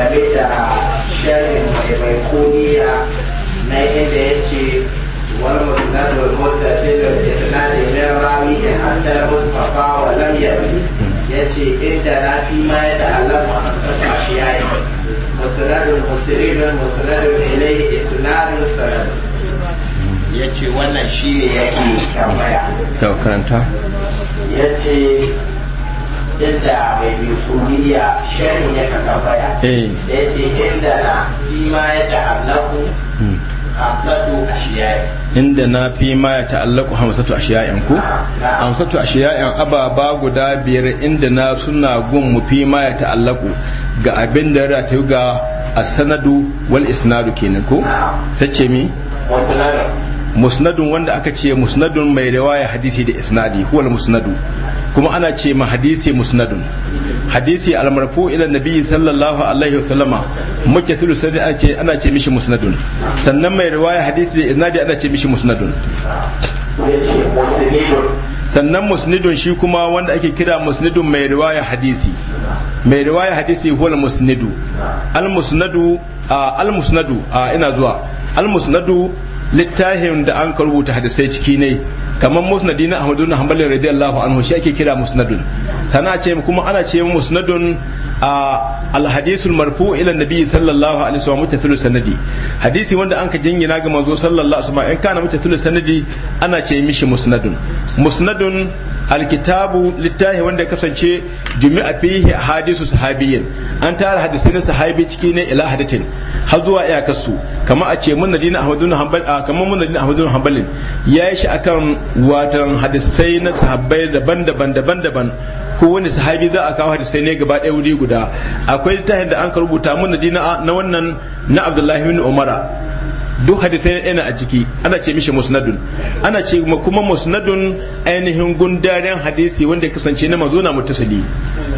game da sharin mai mai kuniya na inda ya ce wani da mota da ke suna da yin rami in hantar mustafa wa lamya ya ce inda na fi da alama shi ya yi musuladun musuladun ilai ya ce wannan shi ne tambaya. Ya ce yadda mai yusufiya shirin ya tambaya eh. da ya ce inda na fi ma ya ta'allaku hamsatu a ashiya'in inda na fi ma ya ta'allaku hamsatu a ashiya'in ku ah, hamsatu a ashiya'in ababa guda biyar inda na suna gun mu fi ma ya ta'allaku ga abin da ya ta ga asanadu wal isnadu kenan ko sace mi wasu musnadun wanda aka ce musnadun mai riwaya hadisi da isnadi huwal musnadu kuma ana ce ma hadisi musnadun hadisi almarfu ila nabi sallallahu alaihi wasallama muke sulu sai ana ce ana ce mishi musnadun sannan mai riwaya hadisi da isnadi ana ce mishi musnadun sannan musnidun shi kuma wanda ake kira musnidun mai riwaya hadisi mai riwaya hadisi huwal musnidu al musnadu al musnadu ina zuwa al musnadu littafin da an ka rubuta hadisai ciki ne kamar musnadi na ahmadu na hanbalin radiyallahu anhu shi ake kira musnadun sana ce kuma ana ce musnadun a alhadisul marfu ila nabi sallallahu alaihi wasallam mutathil sanadi hadisi wanda anka jingina ga manzo sallallahu alaihi wasallam in kana sanadi ana ce mishi musnadun musnadun alkitabu littahi wanda kasance jumi'a fihi hadisu sahabiyyin an tara hadisai na sahabi ciki ne ila hadatin har zuwa iyakarsu kamar a ce ahmadu na hanbal kamar ahmadu na hanbalin yayi shi akan watan hadisai na sahabbai daban-daban daban-daban ko wani sahabi za a kawo hadisai ne gaba ɗaya wuri guda akwai littafin da an ka rubuta mun na wannan na Abdullahi bin Umara duk hadisai ne yana a ciki ana ce mishi musnadun ana ce kuma musnadun ainihin gundaren hadisi wanda ya kasance na mazo na mutasali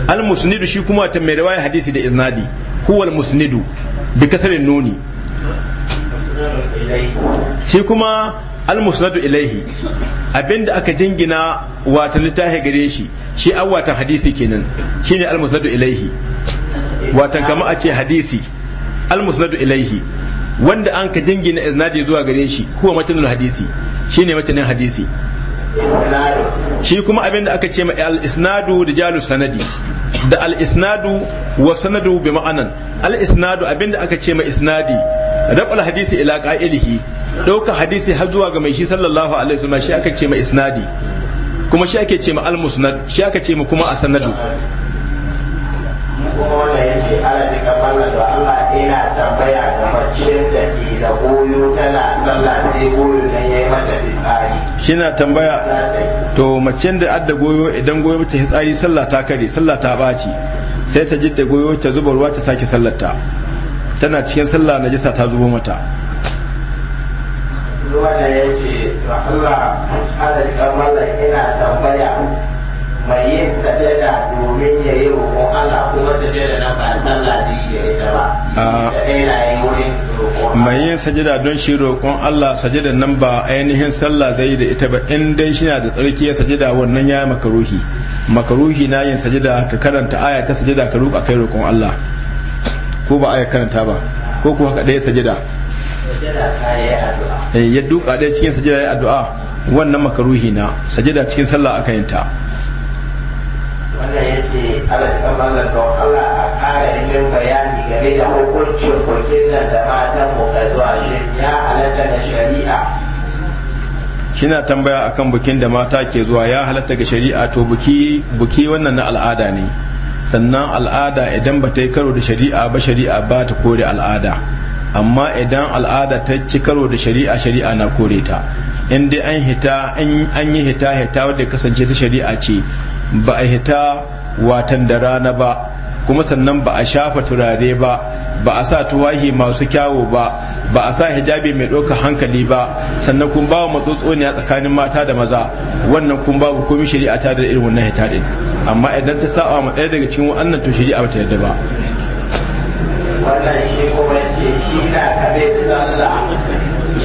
al musnidu shi kuma ta mai riwaya hadisi da iznadi huwal musnidu bi kasarin nuni shi kuma al musnadu ilaihi abinda aka jingina wata littafi gare shi shi an watan hadisi kenan shine almusnadu ilaihi watan kama a ce hadisi almusnadu ilaihi wanda an ka jingina iznadi zuwa gare shi huwa matanul hadisi shine matanin hadisi shi kuma abinda aka ce ma al isnadu rijalu sanadi da al-isnadu wa sanadu bi ma'anan al-isnadu abinda aka ce ma isnadi rabal hadisi ila qa'ilihi dauka hadisi har zuwa ga mai shi sallallahu alaihi wasallam shi aka ce ma isnadi kuma shi ake ce ma al-musnad shi aka ce ma kuma asanadu kuma wannan yace Allah ya kammala da Allah ina tambaya da da shi na tambaya to maciyar da adda goyo idan goyo mata fitsari sallah ta kare sallah ta ɓaci sai ta jidda goyo ta zuba ruwa ta sake sallata tana cikin sallah na jisa ta zubo mata ya ce mai yin sajada domin ya yi roƙon Allah kuma sajada na ba sallah ba. Ah. mai yin sajada don shi roƙon Allah sajida nan ba ainihin sallah zai da ita ba in dai shi na da tsarki ya sajida wannan ya yi makaruhi makaruhi na yin sajada ka karanta aya ta sajada ka roƙa kai roƙon Allah ko ba aya karanta ba ko ko haka ɗaya sajada eh, ya duka ɗaya cikin sajada ya addu'a wannan makaruhi na sajada cikin sallah aka yin ta wannan yace Allah ya kamala don Allah ƙara yin bayani game da hukuncin wakilan da matan mu ka zuwa shi ya halatta da shari'a kina tambaya akan bukin da mata ke zuwa ya halatta ga shari'a to buki buki wannan na al'ada ne sannan al'ada idan ba ta yi karo da shari'a ba shari'a ba ta kore al'ada amma idan al'ada ta ci karo da shari'a shari'a na kore ta in dai an hita an yi hita hita wadda kasance ta shari'a ce ba a hita watan da rana ba kuma sannan ba a shafa turare ba ba a sa tuwahi masu kyawo ba ba a sa hijabi mai ɗauka hankali ba sannan kun ba bawa matsotsoniya tsakanin mata da maza wannan kun ba babu komai shari'a ta da irin wannan hita ɗin amma idan ta sa ma ɗaya daga cikin wannan to shari'a ba ta yarda ba wannan shi kuma ce shi na kare sallah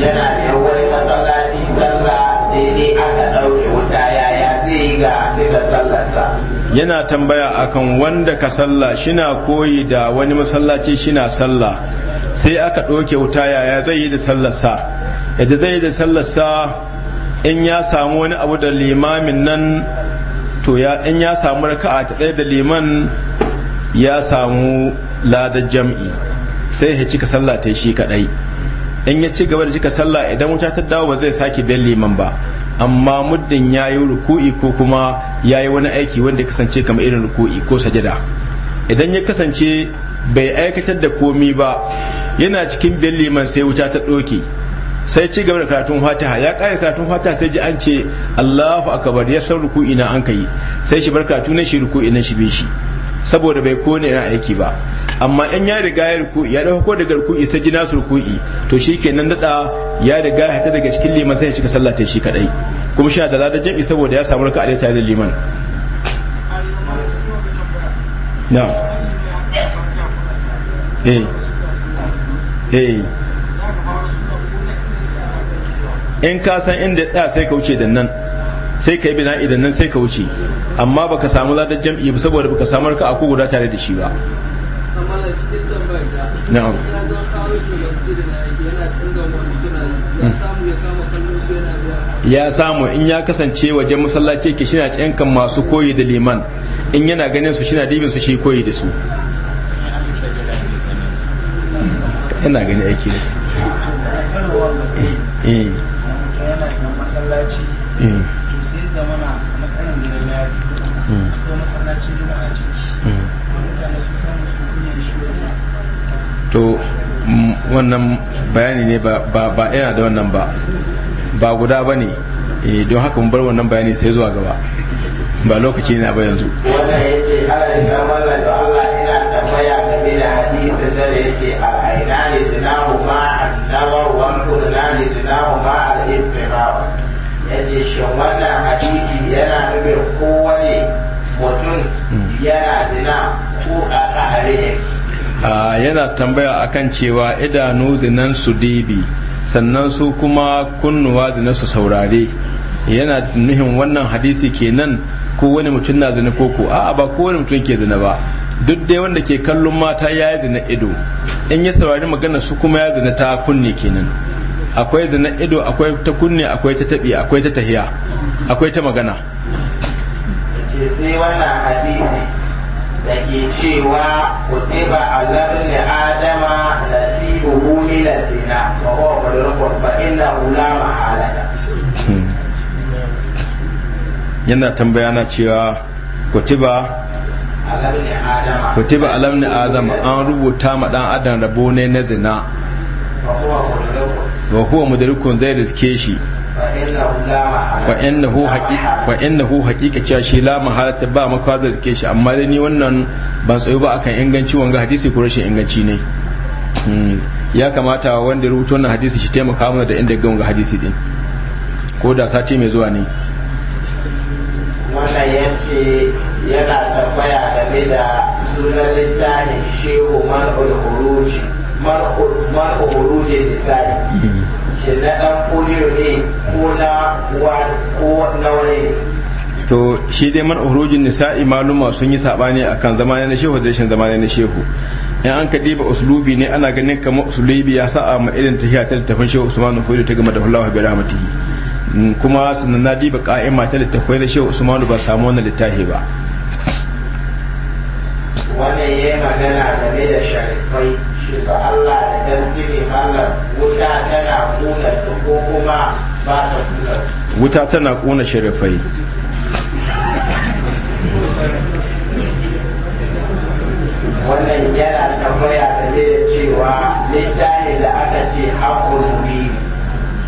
yana da wani masallaci sallah sai dai aka ɗauke wuta yaya zai yi ga cika sallarsa yana tambaya akan wanda ka sallah shina koyi da wani masallaci shina sallah sai aka ɗauke wuta yaya zai yi da sallarsa yadda zai yi da sallarsa in ya samu wani abu da limamin nan to ya in ya samu raka'a ta ɗaya da liman ya samu ladar jam'i sai ya ka sallah ta shi kaɗai in ya ci gaba da cika sallah idan wuta ta dawo ba zai sake biyan liman ba amma muddin ya yi ruku'i ko kuma ya yi wani aiki wanda ya kasance kamar irin ruku'i ko sajada idan ya kasance bai aikatar da komi ba yana cikin biyan liman sai wuta ta ɗoke sai ci gaba da karatun fatiha ya ƙara karatun fatiha sai ji an ce allahu akabar ya san ruku'i na an kai sai shi bar karatu na shi ruku'i na shi bi shi saboda bai kone na aiki ba amma in ya riga ya ruku ya ko daga ruku sai ji nasu ruku'i to shikenan dada ya riga ya ta daga cikin liman sai ya cika sallah ta shi kadai kuma shi da ladan jam'i saboda ya samu raka'a da tare da liman eh eh in ka san inda ya tsaya sai ka wuce da nan sai ka yi bina idan nan sai ka wuce amma baka samu ladan jam'i ba saboda baka samu raka'a ko guda tare da shi ba Ya samu in ya kasance waje masallaci ke shina cinkan masu koyi da liman in yana ganin su shina dibin su shi koyi da su. Yana gani aiki ne. Eh, eh. Eh. ko masallacin juma'a to wannan bayani ne ba yana da wannan ba ba guda ba ne eh, don haka mu bar wannan bayani sai zuwa gaba ba lokaci na ba yanzu wannan ya ce ala da ala ina da ya ce shi wannan hadisi yana nufin kowane mutum yana zina ko a ƙare yana tambaya akan cewa idanu zinan su dibi sannan su kuma kunnuwa zinan su saurare yana nuhin wannan hadisi kenan ko wani mutum na zina koko a ba ko wani mutum ke zina ba duk dai wanda ke kallon mata ya yi zina ido in ya saurari magana su kuma ya zina ta kunne kenan akwai zina ido akwai ta kunne akwai ta tabi akwai ta tahiya akwai ta magana ce sai wannan hadisi da ke cewa ba alal li adama da si min ad-dina wa huwa qadirun ba innahu la mahala yana tambaya na cewa ba kutiba alam ni adama an rubuta ma dan adam rabo ne na zina wa huwa mudarikun zai riske shi fa hu haƙiƙa cewa shi la mahalata ba maka zai riske shi amma da ni wannan ban tsayo ba akan inganci wanga hadisi ko rashin inganci ne hmm. ya kamata wanda rubuta wannan hadisi shi taimaka mana da inda ga wanga hadisi din ko da sati mai zuwa ne wannan yace yana tambaya game da sunan littafin shehu mal'ul huruji man horuje tisari na dan ne ko na ko na wani to shi dai man uhrujin nisa'i maluma sun yi sabani akan zamanin na shehu da rashin zamanin na shehu in an ka diba uslubi ne ana ganin kamar uslubi ya sa'a ma irin tafiya ta littafin shehu usmanu koyo ta gama da fallawa bi rahmatihi mm, kuma sannan na diba qa'ima ta littafin na shehu usman ba samu wannan littafi ba wannan yayin magana game da sharifai su Allah da gaske ne mallam wuta tana kuna su ko kuma ba ta kuna su wuta tana kuna sharafai wannan yana tambaya da zai cewa littafin da aka ce haƙon bi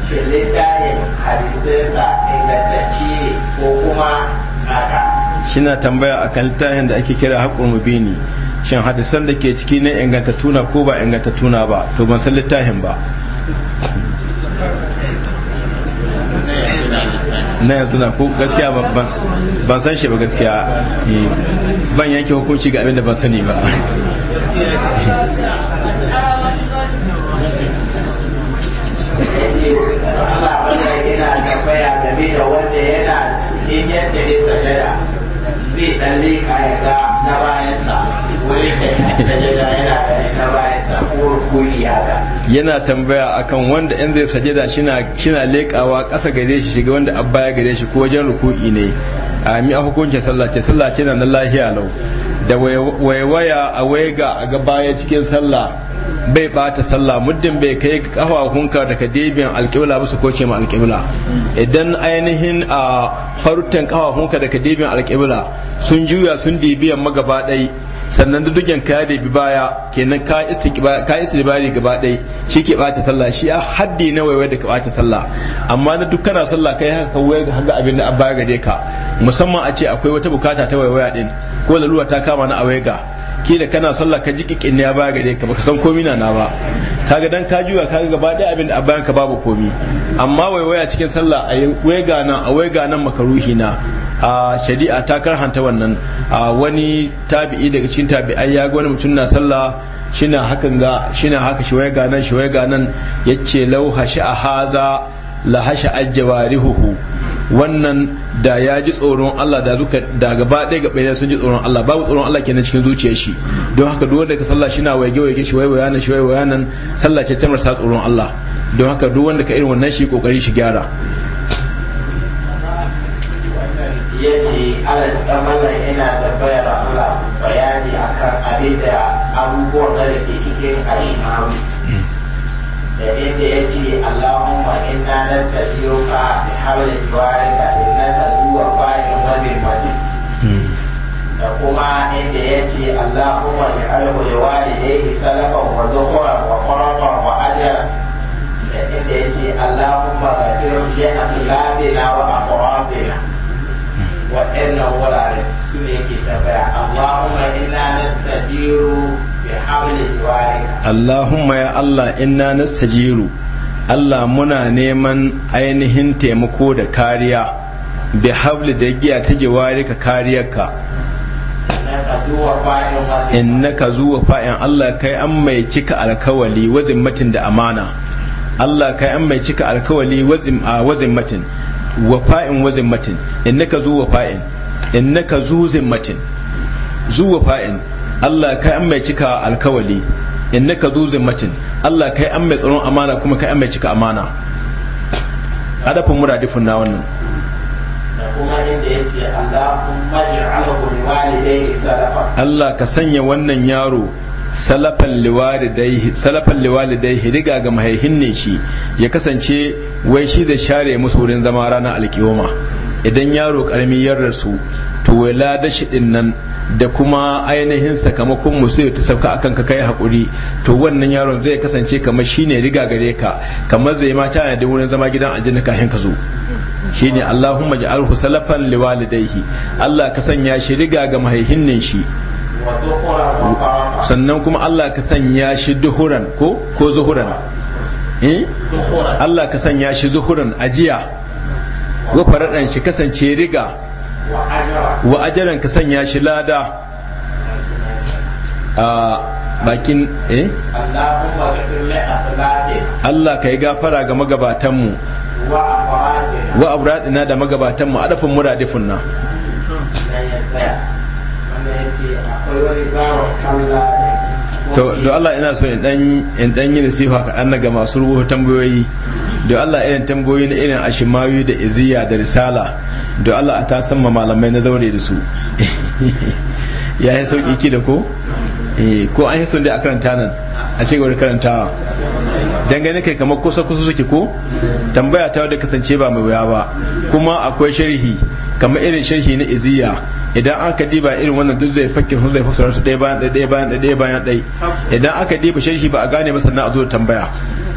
shi littafin hadisinsa ingantacci ko kuma tsaka shina tambaya akan littahin da ake kira haƙon mubini shin hadisan da ke ciki ne inganta tuna ko ba inganta tuna ba to ban san littafin ba na yanzu na ko gaskiya ban san shi ba gaskiya ban yanke hukunci ga abin da ban sani ba yana game da wanda yana in yadda ne sajada zai ɗan leƙa ya ga na bayansa wani sajada yana na bayansa ko ga. yana tambaya akan wanda in zai sajada shina shina lekawa ƙasa gare shi shiga wanda abba ya gare shi ko wajen ruku'i ne a mi a hukuncin sallah ce sallah ce na lahiya lau da waiwaya a waiga a gabaya cikin sallah bai bata sallah muddin bai kai kafafunka daga kadibin alƙibla ba su koce ma alƙibla idan ainihin a farutan kafafunka daga kadibin alƙibla sun juya sun dibiyan magaba ɗai sannan da dugen ka da bi baya kenan ka istiqbali gaba dai shi ke bata sallah shi a haddi na waiwai da ka bata sallah amma na duk kana sallah kai haka ka wayar haka abin da abba gare ka musamman a ce akwai wata bukata ta waiwaya din ko laluwa ta kama na ke da kana sallah ka ji kikin a ya baya gare ka baka san komi na ba kaga dan ka juya kaga gaba dai abin da abba ka babu komi amma waiwaya cikin sallah a waiga nan a waiga nan makaruhi na a shari'a ta karhanta wannan a wani tabi'i daga cikin tabi'ai ya ga wani mutum na sallah shina hakan ga shina haka shi waya ganan shi waya ganan yace law hashi a haza la hashi ajwarihu wannan da ya ji tsoron Allah da zuka da gaba ɗaya ga bayan sun ji tsoron Allah babu tsoron Allah kenan cikin zuciyar shi don haka duk wanda ka sallah shi na waige waige shi waiwaya nan shi waiwaya nan sallah ce ta marsa tsoron Allah don haka duk wanda ka irin wannan shi kokari shi gyara ya ce alaƙamala yana tambayar Allah bayani akan abin da abubuwan da ke cikin ashimawi da inda ya ce Allahumma inna nan ta biyo ka da hawlin juwarika inna ta zuwa bayan wani mace da kuma inda ya ce Allahumma ya alhu ya wali ya yi salafan wa zuhuran wa kwarafan wa ajiyar da inda ya ce Allahumma gafir jana sulabina wa akwaratina waɗannan wurare su ne ke tabbaya Allahumma inna nastajiru bi hawli jiwarika Allahumma ya Allah inna nastajiru Allah muna neman ainihin taimako da kariya bi hawli da giya ta jiwarika kariyarka ka zuwa fa'in Allah kai an mai cika alkawali wazin matin da amana Allah kai an mai cika alkawali wazin matin wafa'in matin in naka zu wafa'in naka zu zimmatin zu wafa'in Allah kai an mai cika alkawali in naka zu zimmatin Allah kai an mai tsaron amana kuma kai an mai cika amana adafin muradifin na wannan Allah ka sanya wannan yaro salafan liwalidai riga ga mahaihin ne shi ya kasance wai shi zai share musu wurin zama ranar alkiyoma idan yaro karami ya rasu to wai lada shiɗin nan da kuma ainihin sakamakon musu ta sauka akan ka kai hakuri to wannan yaron zai kasance kamar shine riga gare ka kamar zai ma ta da wurin zama gidan aljanna kafin ka zo shine Allahumma ja'alhu salafan liwalidaihi Allah ka sanya shi riga ga mahaihin ne shi sannan kuma Allah ka sanya shi duhuran ko ko zuhuran eh Allah ka sanya shi zuhuran ajiya wa faradan shi kasance riga wa ajaran ka sanya shi lada a bakin eh Allah ka yi gafara ga magabatanmu wa abradina da magabatanmu adafin muradifin na to do Allah ina so in dan yi nasiha ka an ga masu rubutu tambayoyi do Allah irin tambayoyi na irin ashimawi da iziya da risala do Allah a ta ma malamai na zaure da su ya yi sauƙi ki da ko eh, ko an yi sun da a karanta nan a cikin karantawa dangane kai kamar kusa kusa suke ko tambaya ta wadda kasance ba mai wuya ba kuma akwai sharhi kamar irin sharhi na iziya idan aka diba irin wannan duk zai fakke sun zai fasara su ɗaya bayan ɗaya bayan ɗaya bayan ɗaya idan aka diba sharhi ba a gane masa na a zo tambaya